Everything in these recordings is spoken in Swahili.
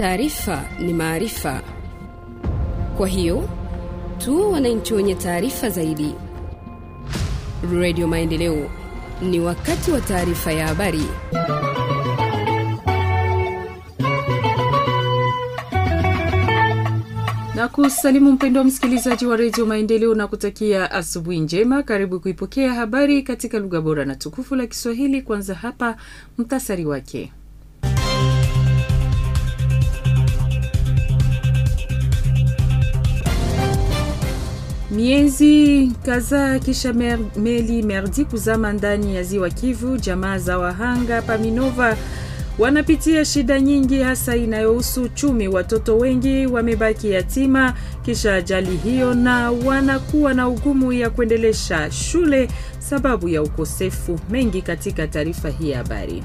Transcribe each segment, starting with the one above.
Taarifa ni maarifa, kwa hiyo tu wananchi wenye taarifa zaidi. Redio Maendeleo, ni wakati wa taarifa ya habari. na kusalimu wa msikilizaji wa redio Maendeleo na kutakia asubuhi njema. Karibu kuipokea habari katika lugha bora na tukufu la Kiswahili. Kwanza hapa mtasari wake. Miezi kadhaa kisha mer, meli Merdi kuzama ndani ya ziwa Kivu, jamaa za wahanga Paminova wanapitia shida nyingi, hasa inayohusu uchumi. Watoto wengi wamebaki yatima kisha ajali hiyo, na wanakuwa na ugumu ya kuendelesha shule sababu ya ukosefu mengi. Katika taarifa hii ya habari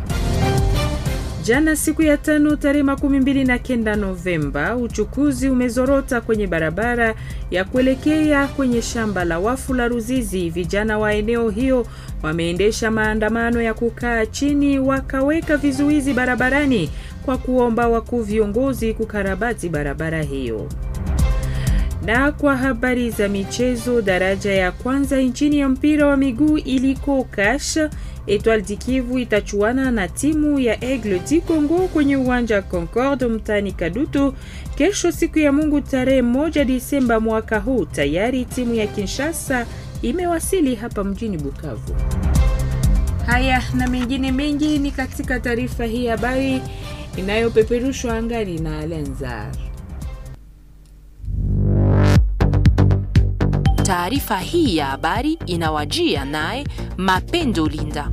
Jana siku ya tano tarehe makumi mbili na kenda Novemba, uchukuzi umezorota kwenye barabara ya kuelekea kwenye shamba la wafu la Ruzizi. Vijana wa eneo hiyo wameendesha maandamano ya kukaa chini, wakaweka vizuizi barabarani kwa kuomba wakuu viongozi kukarabati barabara hiyo. Na kwa habari za michezo, daraja ya kwanza nchini ya mpira wa miguu iliko Kash Etoile du Kivu itachuana na timu ya Aigle du Congo kwenye uwanja Concorde mtaani Kadutu kesho, siku ya Mungu tarehe moja Disemba mwaka huu. Tayari timu ya Kinshasa imewasili hapa mjini Bukavu. Haya na mengine mengi ni katika taarifa hii habari inayopeperushwa angani na Lenzar. Taarifa hii ya habari inawajia naye Mapendo Linda.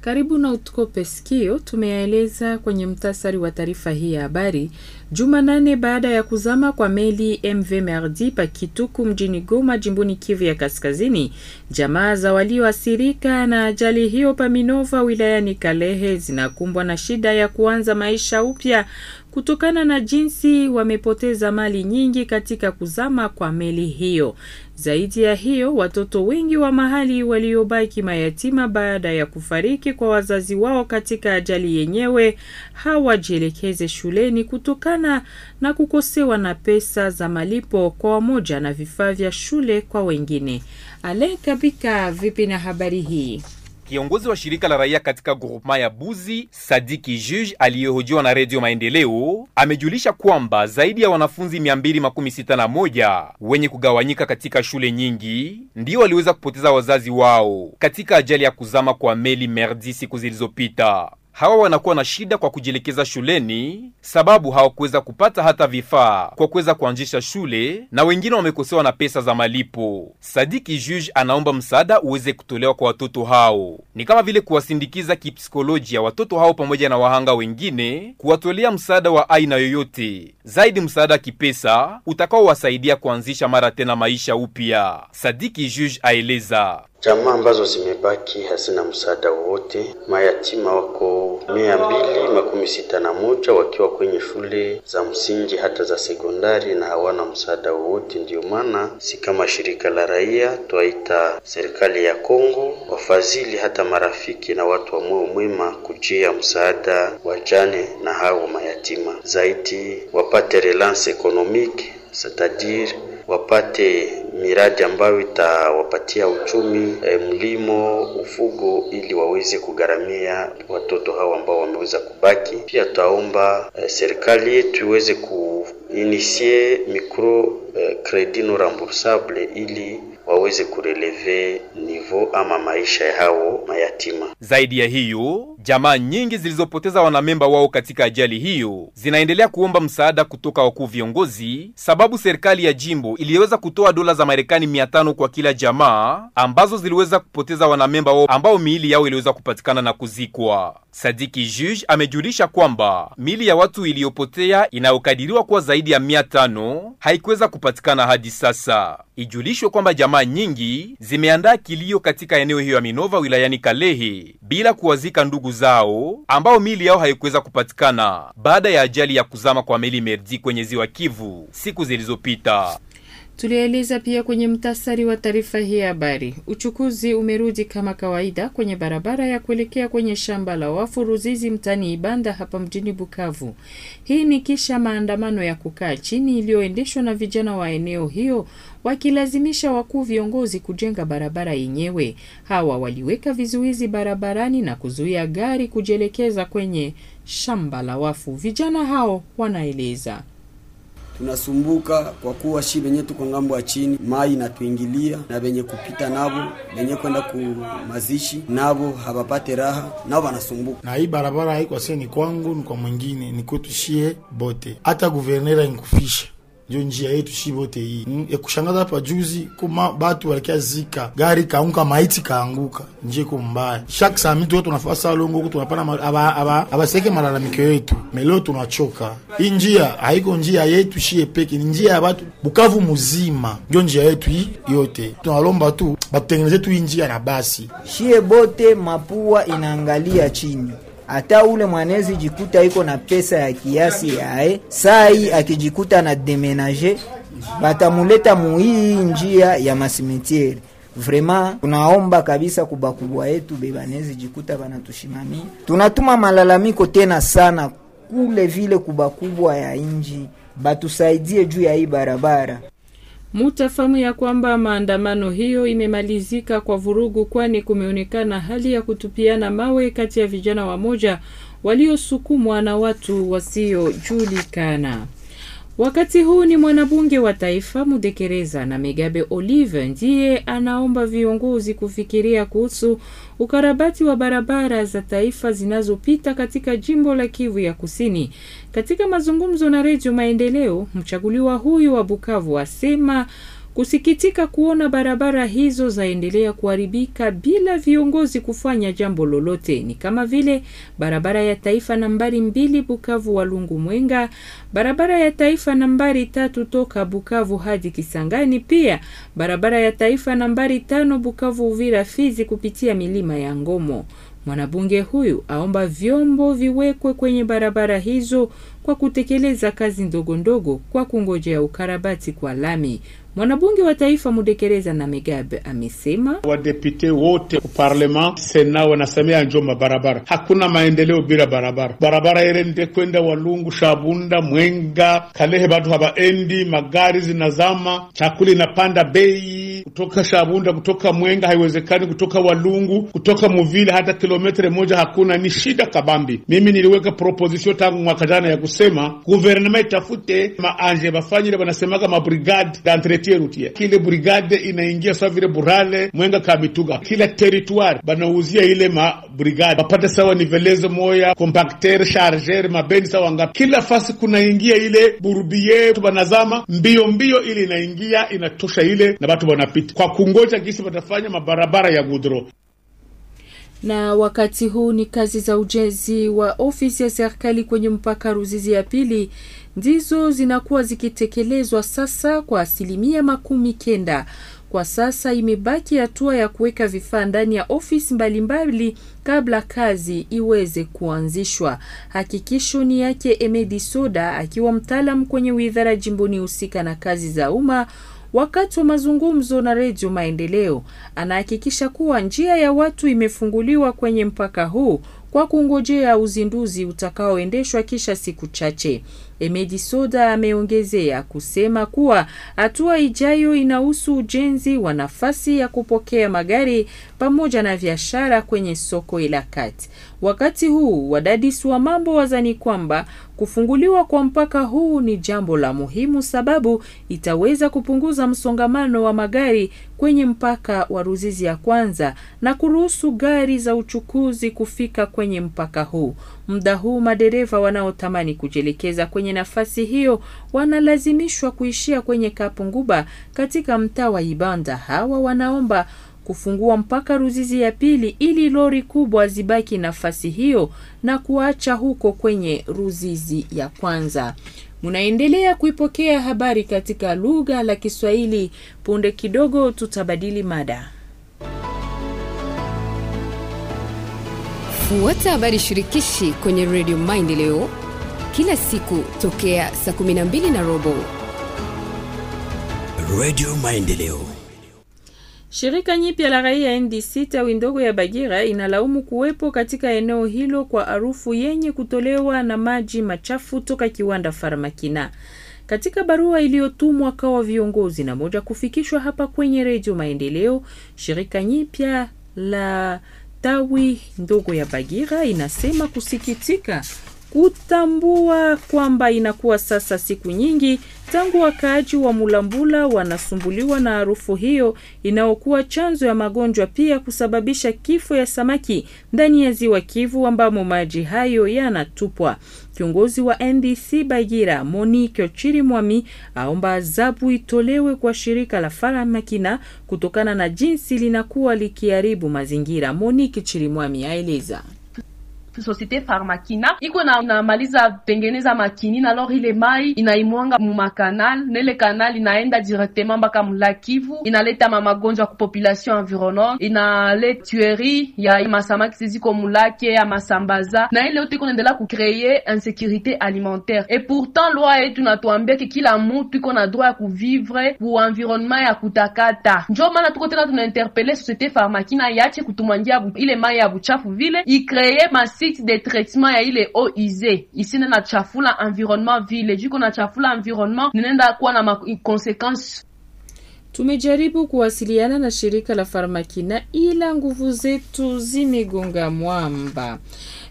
Karibu na utukope sikio, tumeyaeleza kwenye mtasari wa taarifa hii ya habari. Juma nane baada ya kuzama kwa meli MV Merdi Pakituku mjini Goma, jimboni Kivu ya Kaskazini, jamaa za walioathirika na ajali hiyo Paminova wilayani Kalehe zinakumbwa na shida ya kuanza maisha upya kutokana na jinsi wamepoteza mali nyingi katika kuzama kwa meli hiyo. Zaidi ya hiyo, watoto wengi wa mahali waliobaki mayatima baada ya kufariki kwa wazazi wao katika ajali yenyewe hawajielekeze shuleni kutokana na kukosewa na pesa za malipo kwa wamoja na vifaa vya shule kwa wengine. Alain Kabika, vipi na habari hii? Kiongozi wa shirika la raia katika groupema ya Buzi, Sadiki Juge, aliyehojiwa na Redio Maendeleo, amejulisha kwamba zaidi ya wanafunzi 261 wenye kugawanyika katika shule nyingi ndio waliweza kupoteza wazazi wao katika ajali ya kuzama kwa meli Merdi siku zilizopita hawa wanakuwa na shida kwa kujielekeza shuleni, sababu hawakuweza kupata hata vifaa kwa kuweza kuanzisha shule, na wengine wamekosewa na pesa za malipo. Sadiki Juge anaomba msaada uweze kutolewa kwa watoto hao, ni kama vile kuwasindikiza kipsikolojia watoto hao pamoja na wahanga wengine, kuwatolea msaada wa aina yoyote, zaidi msaada kipesa utakaowasaidia kuanzisha mara tena maisha upya. Sadiki Juge aeleza Jamaa ambazo zimebaki hazina msaada wowote. Mayatima wako mia mbili makumi sita na moja wakiwa kwenye shule za msingi hata za sekondari na hawana msaada wowote. ndio maana si kama shirika la raia, twaita serikali ya Kongo, wafadhili, hata marafiki na watu wa moyo mwema kujia msaada wajane na hao mayatima zaidi, wapate relance economique, c'est-à-dire wapate miradi ambayo itawapatia uchumi e, mlimo, ufugo, ili waweze kugharamia watoto hao ambao wameweza kubaki. Pia tutaomba e, serikali yetu iweze kuinisie micro e, eh, credit non remboursable ili waweze kureleve nivo ama maisha ya hao mayatima. Zaidi ya hiyo, jamaa nyingi zilizopoteza wanamemba wao katika ajali hiyo zinaendelea kuomba msaada kutoka wakuu viongozi, sababu serikali ya jimbo iliweza kutoa dola za Marekani 500 kwa kila jamaa ambazo ziliweza kupoteza wanamemba wao ambao miili yao iliweza kupatikana na kuzikwa. Sadiki Juge amejulisha kwamba miili ya watu iliyopotea inayokadiriwa kuwa zaidi ya 500 haikuweza kupatikana hadi sasa. Ijulishwe kwamba jamaa nyingi zimeandaa kilio katika eneo hiyo ya Minova wilayani Kalehe bila kuwazika ndugu zao ambao mili yao haikuweza kupatikana baada ya ajali ya kuzama kwa meli Merdi kwenye ziwa Kivu siku zilizopita. Tulieleza pia kwenye mtasari wa taarifa hii ya habari. Uchukuzi umerudi kama kawaida kwenye barabara ya kuelekea kwenye shamba la wafu Ruzizi mtani Ibanda hapa mjini Bukavu. Hii ni kisha maandamano ya kukaa chini iliyoendeshwa na vijana wa eneo hiyo wakilazimisha wakuu viongozi kujenga barabara yenyewe. Hawa waliweka vizuizi barabarani na kuzuia gari kujielekeza kwenye shamba la wafu. Vijana hao wanaeleza tunasumbuka kwa kuwa shi venye tuko ngambo ya chini, mai inatuingilia na venye kupita navo venye kwenda ku mazishi navo hawapate raha, nao wanasumbuka na hii barabara. Haiko sie ni kwangu, ni kwa mwingine, ni kwetu shie bote, hata guvernera inkufisha ndio njia yetu shibote hii mm. Yakushangaza hapa juzi kuma batu walikia zika gari kaanguka, maiti kaanguka nje ko mbaya shak sami tu tunafasa longo huko tunapana aba aba abaseke malalamiko yetu meleo tunachoka. Hii njia haiko njia yetu shie peke, ni njia ya batu Bukavu muzima, ndio njia yetu hii yote. Tunalomba tu batutengeneze tu hii njia na basi shie bote mapua inaangalia chini hata ule mwanezi jikuta iko na pesa ya kiasi yae, eh, saa hii akijikuta na demenage batamuleta muhii njia ya masimitieri. Vraiment tunaomba kabisa kubakubwa yetu bebanezi jikuta banatushimamia, tunatuma malalamiko tena sana kule vile kubakubwa ya inji batusaidie juu ya hii barabara. Mutafamu ya kwamba maandamano hiyo imemalizika kwa vurugu, kwani kumeonekana hali ya kutupiana mawe kati ya vijana wamoja waliosukumwa na watu wasiojulikana. Wakati huu ni mwanabunge wa taifa Mudekereza na Megabe Olive ndiye anaomba viongozi kufikiria kuhusu ukarabati wa barabara za taifa zinazopita katika jimbo la Kivu ya Kusini. Katika mazungumzo na Redio Maendeleo, mchaguliwa huyu wa Bukavu asema Kusikitika kuona barabara hizo zaendelea kuharibika bila viongozi kufanya jambo lolote, ni kama vile barabara ya taifa nambari mbili Bukavu Walungu Mwenga, barabara ya taifa nambari tatu toka Bukavu hadi Kisangani, pia barabara ya taifa nambari tano Bukavu Uvira Fizi kupitia milima ya Ngomo. Mwanabunge huyu aomba vyombo viwekwe kwenye barabara hizo kwa kutekeleza kazi ndogo ndogo kwa kungojea ukarabati kwa lami. Mwanabunge wa taifa Mudekereza na Megabe amesema wadepute wote kuparlema sena wanasemea njoma barabara, hakuna maendeleo bila barabara. Barabara nde kwenda Walungu, Shabunda, Mwenga, Kalehe, bado habaendi, magari zinazama, chakula inapanda bei kutoka Shabunda, kutoka Mwenga haiwezekani, kutoka Walungu, kutoka Muvile hata kilometre moja hakuna, ni shida kabambi. Mimi niliweka proposition tangu mwaka jana ya kusema guvernema itafute maanje bafanyire, banasemaga mabrigade d'entre sekurite rutia, kile brigade inaingia sawa vile Burale, Mwenga, Kamituga, kila territoire banauzia ile ma brigade bapata sawa velezo moya compacteur chargeur mabeni sawa ngapi, kila fasi kunaingia ile burubie banazama mbio mbio, ili inaingia inatosha ile na batu banapita kwa kungoja gisi batafanya mabarabara ya gudro na wakati huu ni kazi za ujenzi wa ofisi ya serikali kwenye mpaka Ruzizi ya pili ndizo zinakuwa zikitekelezwa sasa kwa asilimia makumi kenda. Kwa sasa imebaki hatua ya kuweka vifaa ndani ya ofisi mbalimbali kabla kazi iweze kuanzishwa. Hakikisho ni yake Emedi Soda, akiwa mtaalamu kwenye wizara jimboni husika na kazi za umma Wakati wa mazungumzo na Redio Maendeleo, anahakikisha kuwa njia ya watu imefunguliwa kwenye mpaka huu kwa kungojea uzinduzi utakaoendeshwa kisha siku chache. Emedi Soda ameongezea kusema kuwa hatua ijayo inahusu ujenzi wa nafasi ya kupokea magari pamoja na biashara kwenye soko ila kati. Wakati huu wadadisi wa mambo wazani kwamba kufunguliwa kwa mpaka huu ni jambo la muhimu, sababu itaweza kupunguza msongamano wa magari kwenye mpaka wa Ruzizi ya kwanza na kuruhusu gari za uchukuzi kufika kwenye mpaka huu. Muda huu madereva wanaotamani kujielekeza kwenye nafasi hiyo wanalazimishwa kuishia kwenye Kapunguba katika mtaa wa Ibanda. Hawa wanaomba kufungua mpaka Ruzizi ya pili ili lori kubwa zibaki nafasi hiyo na kuacha huko kwenye Ruzizi ya kwanza. Munaendelea kuipokea habari katika lugha la Kiswahili. Punde kidogo tutabadili mada. Fuata habari shirikishi kwenye Redio Maendeleo kila siku tokea saa 12 na robo. Redio Maendeleo Shirika nyipya la raia NDC tawi ndogo ya Bagira inalaumu kuwepo katika eneo hilo kwa harufu yenye kutolewa na maji machafu toka kiwanda Farmakina. Katika barua iliyotumwa kwa viongozi na moja kufikishwa hapa kwenye Redio Maendeleo, shirika nyipya la tawi ndogo ya Bagira inasema kusikitika kutambua kwamba inakuwa sasa siku nyingi tangu wakaaji wa Mulambula wanasumbuliwa na harufu hiyo inayokuwa chanzo ya magonjwa pia kusababisha kifo ya samaki ndani ya ziwa Kivu ambamo maji hayo yanatupwa. Kiongozi wa NDC Bagira Monique Ochiri Mwami aomba adhabu itolewe kwa shirika la Faramakina kutokana na jinsi linakuwa likiharibu mazingira. Monique Chirimwami aeleza. société Farmakina iko na namaliza tengeneza makini na lor ile mai inaimwanga mumakanal nele kanal inaenda directement mpaka mulakivu inaleta mamagonjwa ku population environnement inale tuerie ya masamaki ziko mulake ya masambaza na ile yote iko naendelea kucreye insécurité alimentaire. Et pourtant loi yetu natuambia ke kila mutu iko na droit ya kuvivre ku environnement ya kutakata, njo maana tuko tena tunainterpele Societe Farmakina yache kutumwangia ile mai ya buchafu vile ikreye mas site de traitement ya ile o ize isine na chafula environnement vile, juko na chafula environnement ninaenda kuwa na consequence. Tumejaribu kuwasiliana na shirika la Farmakina ila nguvu zetu zimegonga mwamba.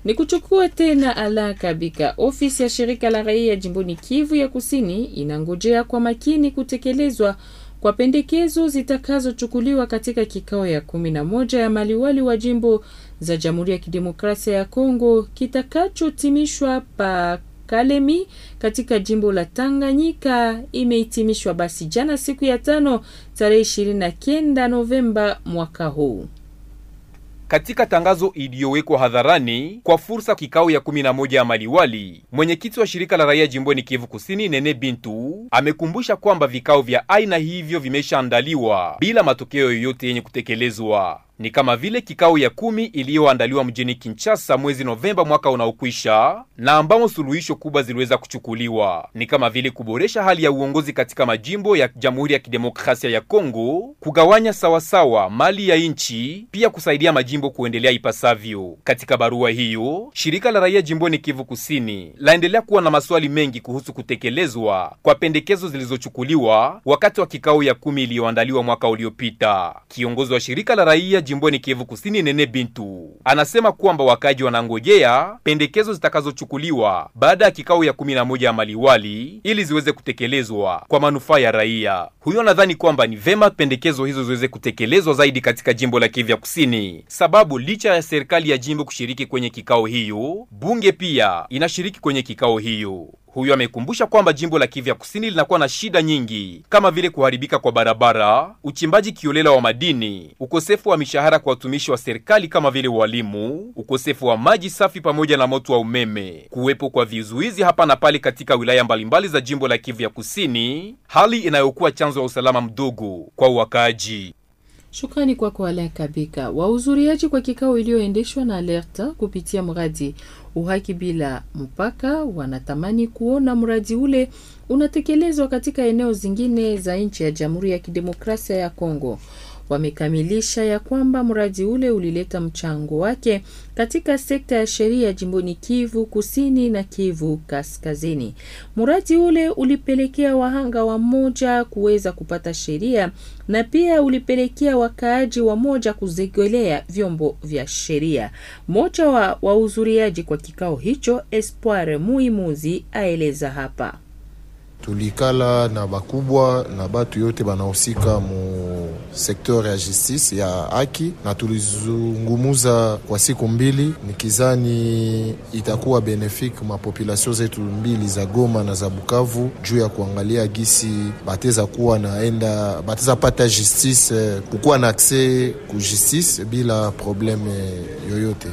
Ni kuchukua tena ala kabika. Ofisi ya shirika la raia jimboni Kivu ya Kusini inangojea kwa makini kutekelezwa kwa pendekezo zitakazochukuliwa katika kikao ya kumi na moja ya maliwali wa jimbo za Jamhuri ya Kidemokrasia ya Kongo kitakachotimishwa pa Kalemi katika jimbo la Tanganyika imeitimishwa basi jana siku ya tano tarehe 29 Novemba mwaka huu. Katika tangazo iliyowekwa hadharani kwa fursa kikao ya 11 ya maliwali, mwenyekiti wa shirika la raia jimboni Kivu Kusini Nene Bintu amekumbusha kwamba vikao vya aina hivyo vimeshaandaliwa bila matokeo yoyote yenye kutekelezwa ni kama vile kikao ya kumi iliyoandaliwa mjini Kinshasa mwezi Novemba mwaka unaokwisha na ambamo suluhisho kubwa ziliweza kuchukuliwa, ni kama vile kuboresha hali ya uongozi katika majimbo ya Jamhuri ya Kidemokrasia ya Kongo, kugawanya sawasawa mali ya nchi, pia kusaidia majimbo kuendelea ipasavyo. Katika barua hiyo, shirika la raia jimboni Kivu Kusini laendelea kuwa na maswali mengi kuhusu kutekelezwa kwa pendekezo zilizochukuliwa wakati wa kikao ya kumi iliyoandaliwa mwaka uliopita. Kiongozi wa shirika la raia jimboni Kivu Kusini, Nene Bintu anasema kwamba wakaji wanangojea pendekezo zitakazochukuliwa baada ya kikao ya kumi na moja ya maliwali ili ziweze kutekelezwa kwa manufaa ya raia. Huyo nadhani kwamba ni vema pendekezo hizo ziweze kutekelezwa zaidi katika jimbo la Kivu ya Kusini, sababu licha ya serikali ya jimbo kushiriki kwenye kikao hiyo, bunge pia inashiriki kwenye kikao hiyo. Huyo amekumbusha kwamba jimbo la Kivu ya Kusini linakuwa na shida nyingi kama vile kuharibika kwa barabara, uchimbaji kiolela wa madini, ukosefu wa mishahara kwa watumishi wa serikali kama vile walimu, ukosefu wa maji safi pamoja na moto wa umeme, kuwepo kwa vizuizi hapa na pale katika wilaya mbalimbali za jimbo la Kivu ya Kusini, hali inayokuwa chanzo ya usalama mdogo kwa wakaaji. Shukrani kwako Alain Kabika. Wahudhuriaji kwa kikao iliyoendeshwa na Alerta kupitia mradi uhaki bila mpaka wanatamani kuona mradi ule unatekelezwa katika eneo zingine za nchi ya Jamhuri ya Kidemokrasia ya Kongo wamekamilisha ya kwamba mradi ule ulileta mchango wake katika sekta ya sheria jimboni Kivu Kusini na Kivu Kaskazini. Mradi ule ulipelekea wahanga wa moja kuweza kupata sheria na pia ulipelekea wakaaji wa moja kuzegelea vyombo vya sheria. Mmoja wa wahudhuriaji kwa kikao hicho, Espoir Muimuzi, aeleza hapa. Tulikala na bakubwa na batu yote banahusika mu sektor ya justice ya haki, na tulizungumuza kwa siku mbili, nikizani itakuwa benefik mapopulasion zetu mbili za Goma na za Bukavu juu ya kuangalia gisi bateza kuwa naenda bateza pata justice, eh, kukuwa na akse ku justice bila probleme yoyote.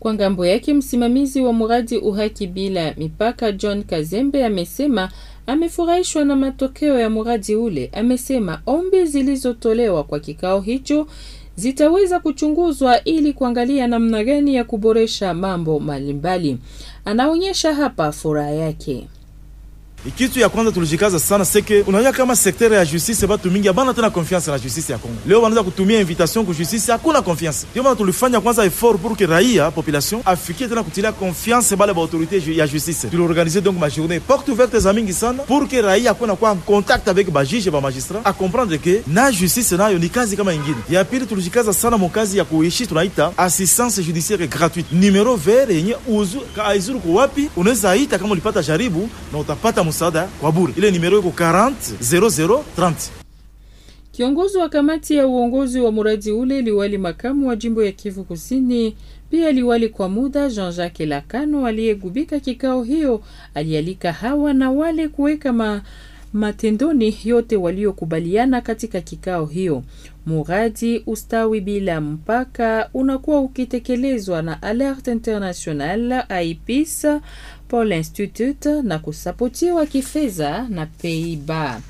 Kwa ngambo yake msimamizi wa muradi uhaki bila mipaka John Kazembe amesema amefurahishwa na matokeo ya mradi ule. Amesema ombi zilizotolewa kwa kikao hicho zitaweza kuchunguzwa ili kuangalia namna gani ya kuboresha mambo mbalimbali. Anaonyesha hapa furaha yake. Kitu ya kwanza tulijikaza sana seke, unajua kama sektere ya justice batu mingi abana tena confiance na justice ya Kongo. Leo wanaanza kutumia invitation ku justice, hakuna confiance. Ndio maana tulifanya kwanza effort pour que raia population afikie tena kutilia confiance bale ba autorité ya justice. Tuliorganize donc ma journée porte ouverte za mingi sana pour que raia akuna kwa contact avec ba juge ba magistrat a comprendre que na justice nayo ni kazi kama ingine. Ya pili tulijikaza sana mokazi ya kuishi tunaita assistance judiciaire gratuite. Numero vert yenye uzu kaizuru kwa wapi unaweza ita kama ulipata jaribu na utapata msaada kwa bure. Ile nimero iko 400030. Kiongozi wa kamati ya uongozi wa muradi ule, liwali makamu wa jimbo ya Kivu Kusini, pia liwali kwa muda Jean-Jacques Lakano aliyegubika kikao hiyo, alialika hawa na wale kuweka ma matendoni yote waliokubaliana katika kikao hiyo. Muradi ustawi bila mpaka unakuwa ukitekelezwa na Alert International IPS Paul Institute na kusapotiwa kifedha na Peiba.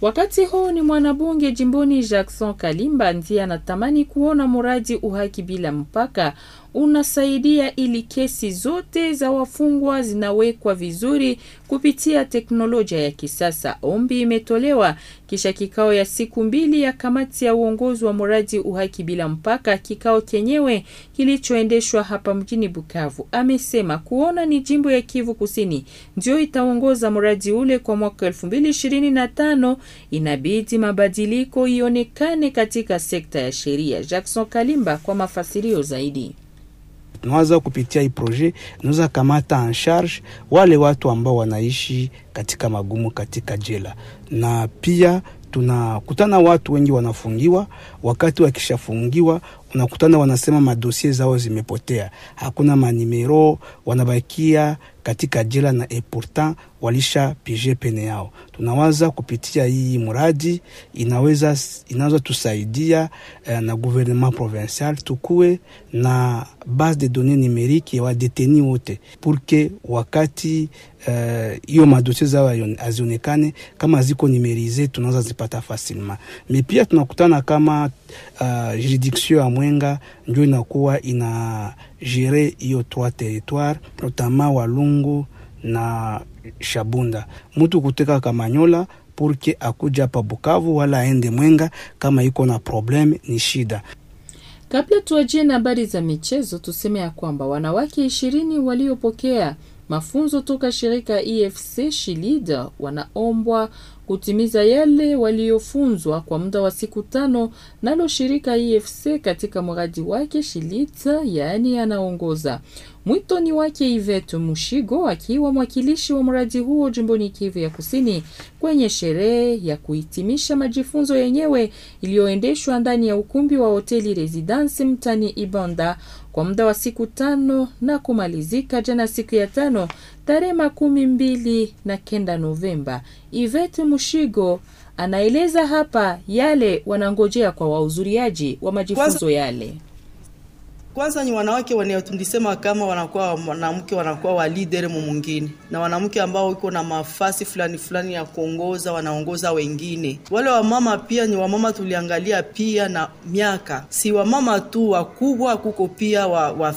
Wakati huu ni mwanabunge jimboni Jackson Kalimba ndiye anatamani kuona muradi uhaki bila mpaka unasaidia ili kesi zote za wafungwa zinawekwa vizuri kupitia teknolojia ya kisasa. Ombi imetolewa kisha kikao ya siku mbili ya kamati ya uongozi wa mradi Uhaki Bila Mpaka, kikao chenyewe kilichoendeshwa hapa mjini Bukavu. Amesema kuona ni jimbo ya Kivu Kusini ndio itaongoza mradi ule kwa mwaka tano, inabidi mabadiliko ionekane katika sekta ya sheria. Jackson Kalimba kwa mafasirio zaidi tunaweza kupitia hii proje tunaweza kamata en charge wale watu ambao wanaishi katika magumu katika jela, na pia tunakutana watu wengi wanafungiwa. Wakati wakishafungiwa unakutana wanasema madosie zao zimepotea, hakuna manimero, wanabakia katika jela na eportant walisha pige pene yao. Tunawaza kupitia hii muradi inaweza inaweza tusaidia eh, na gouvernement provincial tukue na base de données numerique ya wadeteni wote purke wakati eh, hiyo eh, madosie zao azionekane kama ziko nimerize, tunaweza zipata facilement. Mais pia tunakutana kama uh, juridiction Mwenga njo inakuwa ina gere hiyo trois territoire notama Walungu na Shabunda. Mutu kuteka Kamanyola purke akuja pa Bukavu wala aende Mwenga kama iko na probleme ni shida. Kabla tuajie na habari za michezo, tuseme ya kwamba wanawake ishirini waliopokea Mafunzo toka shirika EFC Shilid wanaombwa kutimiza yale waliofunzwa kwa muda wa siku tano nalo shirika EFC katika mradi wake Shilid, yaani anaongoza. Mwito ni wake Ivet Mushigo akiwa mwakilishi wa mradi huo jimboni Kivu ya Kusini kwenye sherehe ya kuhitimisha majifunzo yenyewe iliyoendeshwa ndani ya ukumbi wa hoteli Residence mtani Ibanda kwa muda wa siku tano na kumalizika jana siku ya tano tarehe makumi mbili na kenda Novemba. Ivete Mushigo anaeleza hapa yale wanangojea kwa wahudhuriaji wa majifunzo yale. Kwanza ni wanawake wenye kama wanakuwa wanamke wanakuwa wa leader mwingine, na wanamke ambao iko na mafasi fulani fulani ya kuongoza, wanaongoza wengine. Wale wamama pia ni wamama tuliangalia pia na miaka, si wamama tu wakubwa, kuko pia wa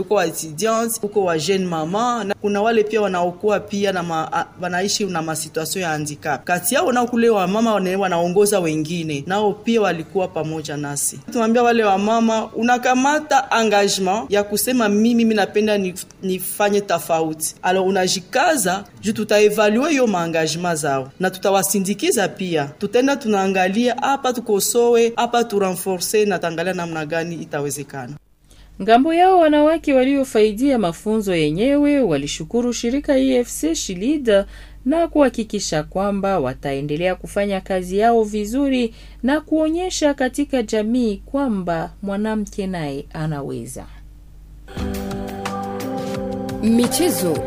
uko wa etudiants, kuko wa jeune mama, na kuna wale pia wanaokuwa pia na ma, wanaishi na masituation ya handicap. Kati yao nao kule wamama wanaongoza wengine, nao pia walikuwa pamoja nasi. tumwambia wale wamama unakamata unapata engagement ya kusema mimi napenda nifanye tofauti, alors unajikaza juu tutaevalue yo maengagement zao na tutawasindikiza pia, tutaenda tunaangalia hapa tukosowe hapa turenforce na tangalia namna gani itawezekana. Ngambo yao wanawake waliofaidia mafunzo yenyewe walishukuru shirika EFC Shilida na kuhakikisha kwamba wataendelea kufanya kazi yao vizuri na kuonyesha katika jamii kwamba mwanamke naye anaweza. Michezo,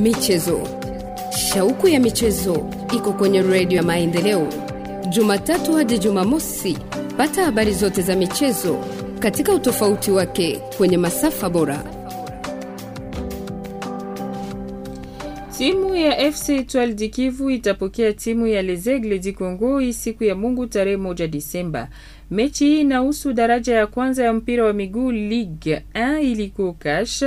michezo, shauku ya michezo iko kwenye redio ya Maendeleo, Jumatatu hadi Jumamosi. Pata habari zote za michezo katika utofauti wake kwenye masafa bora. Timu ya FC Etoile du Kivu itapokea timu ya Les Aigles du Congo siku ya Mungu tarehe moja Disemba. Mechi hii inahusu daraja ya kwanza ya mpira wa miguu Ligue 1 iliko cash.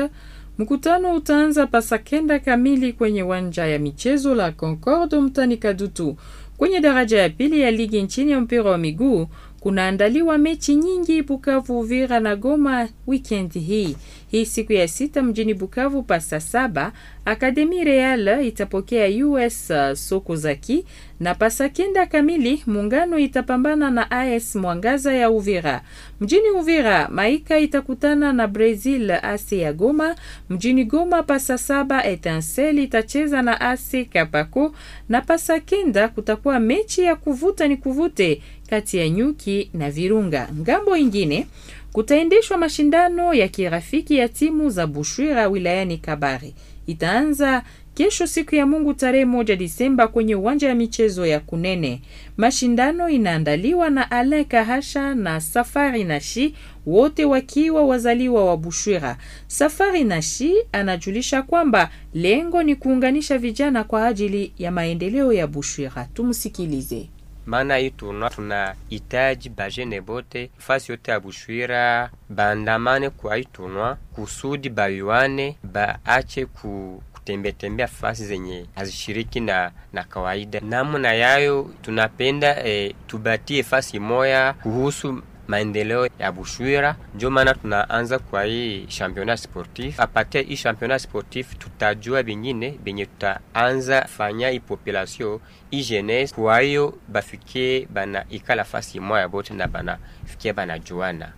Mkutano utaanza pasakenda kamili kwenye uwanja ya michezo la Concorde mtani Kadutu. Kwenye daraja ya pili ya ligi nchini ya mpira wa miguu kunaandaliwa mechi nyingi Bukavu, Uvira na Goma weekend hii. Hii siku ya sita mjini Bukavu pa saa saba Akademi Real itapokea US uh, soko zaki na pasa kenda kamili Muungano itapambana na AS Mwangaza ya Uvira. Mjini Uvira Maika itakutana na Brazil AC ya Goma. Mjini Goma pasa saba Etincelle itacheza na AC Kapako na pasa kenda kutakuwa mechi ya kuvuta ni kuvute kati ya Nyuki na Virunga. Ngambo ingine Kutaendeshwa mashindano ya kirafiki ya timu za Bushwira wilayani Kabare. Itaanza kesho siku ya Mungu tarehe moja Disemba kwenye uwanja wa michezo ya Kunene. Mashindano inaandaliwa na Alain Kahasha na Safari Nashi wote wakiwa wazaliwa wa Bushwira. Safari Nashi anajulisha kwamba lengo ni kuunganisha vijana kwa ajili ya maendeleo ya Bushwira. Tumsikilize maana hii tuna tunahitaji bajene bote fasi yote abushwira bandamane kwa itunwa kusudi bayuane baache ku tembea fasi zenye hazishiriki na na kawaida. Namna yayo tunapenda e, tubatie fasi moya kuhusu maendeleo ya Bushwira. Ndio maana tunaanza kwa hii championnat sportif. Apate hii championnat sportif, tutajua vingine venye tutaanza fanya hii population hii jeunesse, kwa hiyo bafikie bana ikala fasi moya bote na bana juana tuna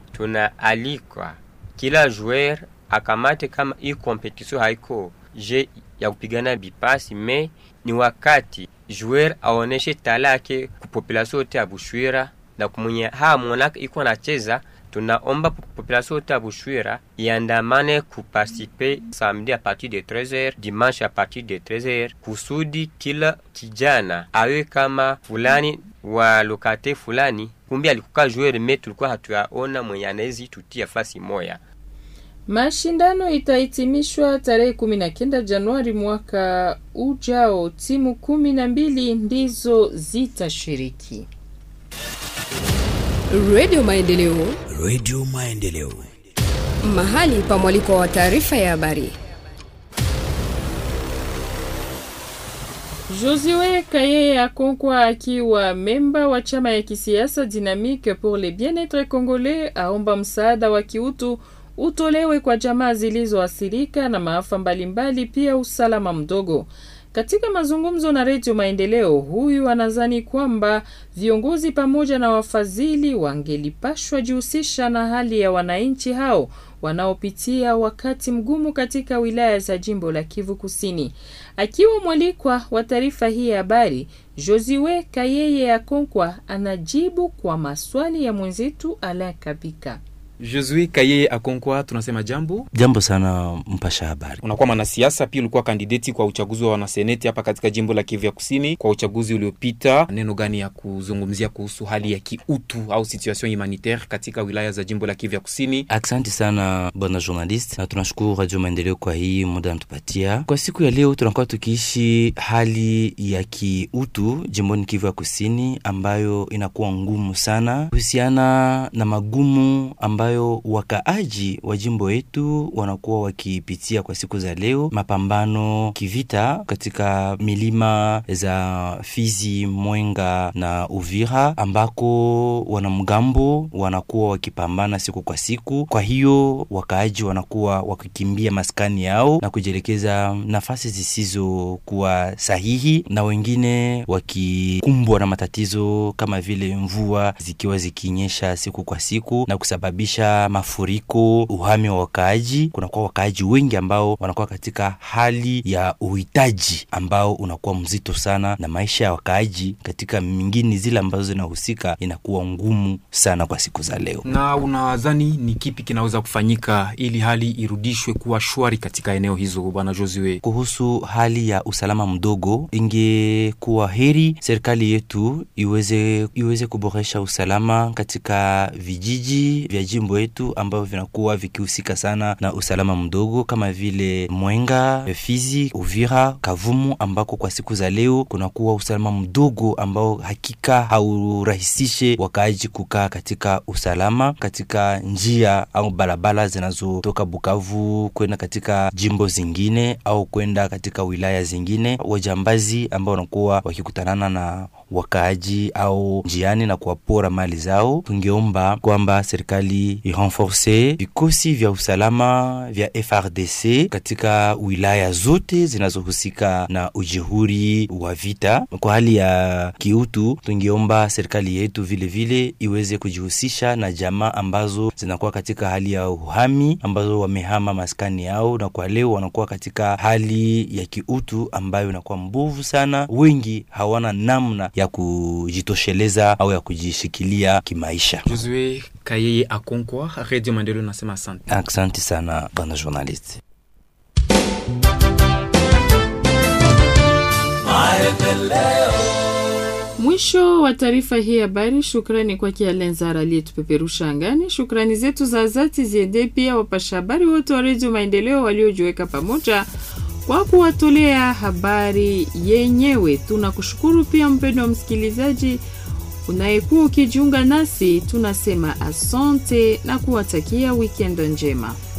Tunaalikwa kila joueur akamate kama hii competition haiko je ya kupigana bipasi me ni wakati juer aoneshe tala yake kupopulasion yote ya Bushwira na kumwenye haa monaka iko anacheza tunaomba population yote ya Bushwira iandamane kuparticipe samedi a partir de 13h, dimanche a partir de 13h, kusudi kila kijana awe kama fulani wa lokate fulani, kumbi alikuka joueur me tulikuwa hatuyaona mwenye anawezi tutia fasi moya. Mashindano itahitimishwa tarehe 19 Januari mwaka ujao. Timu kumi na mbili ndizo zitashiriki. Radio Maendeleo, Radio Maendeleo, mahali pa mwaliko wa taarifa ya habari. Josue Kaye Akonkwa akiwa memba wa chama ya kisiasa Dynamique pour le bien-être congolais aomba msaada wa kiutu utolewe kwa jamaa zilizoathirika na maafa mbalimbali, pia usalama mdogo. Katika mazungumzo na Redio Maendeleo, huyu anazani kwamba viongozi pamoja na wafadhili wangelipashwa jihusisha na hali ya wananchi hao wanaopitia wakati mgumu katika wilaya za jimbo la Kivu Kusini. Akiwa mwalikwa wa taarifa hii ya habari, Josue Kayeye Konkwa anajibu kwa maswali ya mwenzetu Alain Kabika. Josue Kaye Akonkwa, tunasema jambo jambo sana mpasha habari. Unakuwa mwanasiasa pia, ulikuwa kandideti kwa uchaguzi wa wanaseneti hapa katika jimbo la Kivu ya Kusini kwa uchaguzi uliopita. Neno gani ya kuzungumzia kuhusu hali ya kiutu au situation humanitaire katika wilaya za jimbo la Kivu ya Kusini? Asante sana bwana journalist, na tunashukuru Radio Maendeleo kwa hii muda anatupatia kwa siku ya leo. Tunakuwa tukiishi hali ya kiutu jimboni Kivu ya Kusini ambayo inakuwa ngumu sana kuhusiana na magumu ambayo ambayo wakaaji wa jimbo yetu wanakuwa wakipitia kwa siku za leo, mapambano kivita katika milima za Fizi, Mwenga na Uvira, ambako wanamgambo wanakuwa wakipambana siku kwa siku. Kwa hiyo wakaaji wanakuwa wakikimbia maskani yao na kujielekeza nafasi zisizokuwa sahihi, na wengine wakikumbwa na matatizo kama vile mvua zikiwa zikinyesha siku kwa siku na kusababisha kusababisha mafuriko, uhame wa wakaaji. Kunakuwa wakaaji wengi ambao wanakuwa katika hali ya uhitaji ambao unakuwa mzito sana, na maisha ya wakaaji katika mingine zile ambazo zinahusika inakuwa ngumu sana kwa siku za leo. Na unadhani ni kipi kinaweza kufanyika ili hali irudishwe kuwa shwari katika eneo hizo, bwana Josue? Kuhusu hali ya usalama mdogo, ingekuwa heri serikali yetu iweze iweze kuboresha usalama katika vijiji vya jimbo majimbo yetu ambavyo vinakuwa vikihusika sana na usalama mdogo kama vile Mwenga, Fizi, Uvira, Kavumu ambako kwa siku za leo kunakuwa usalama mdogo ambao hakika haurahisishe wakaaji kukaa katika usalama katika njia au barabara zinazotoka Bukavu kwenda katika jimbo zingine au kwenda katika wilaya zingine. Wajambazi ambao wanakuwa wakikutanana na wakaaji au njiani na kuwapora mali zao. Tungeomba kwamba serikali irenforce vikosi vya usalama vya FRDC katika wilaya zote zinazohusika na ujihuri wa vita. Kwa hali ya kiutu, tungeomba serikali yetu vilevile vile iweze kujihusisha na jamaa ambazo zinakuwa katika hali ya uhami, ambazo wamehama maskani yao na kwa leo wanakuwa katika hali ya kiutu ambayo inakuwa mbovu sana. Wengi hawana namna ya ya kujitosheleza au ya kujishikilia kimaisha. Josue Kayeye Akonkwa, Radio Mandelo, nasema asante. Asante sana bana journalist. Mwisho wa taarifa hii habari. Shukrani kwake Alenzar aliyetupeperusha angani. Shukrani zetu za dhati ziende pia wapasha habari wote wa redio Maendeleo waliojiweka pamoja kwa kuwatolea habari yenyewe. Tunakushukuru pia mpendwa msikilizaji unayekuwa ukijiunga nasi, tunasema asante na kuwatakia wikendo njema.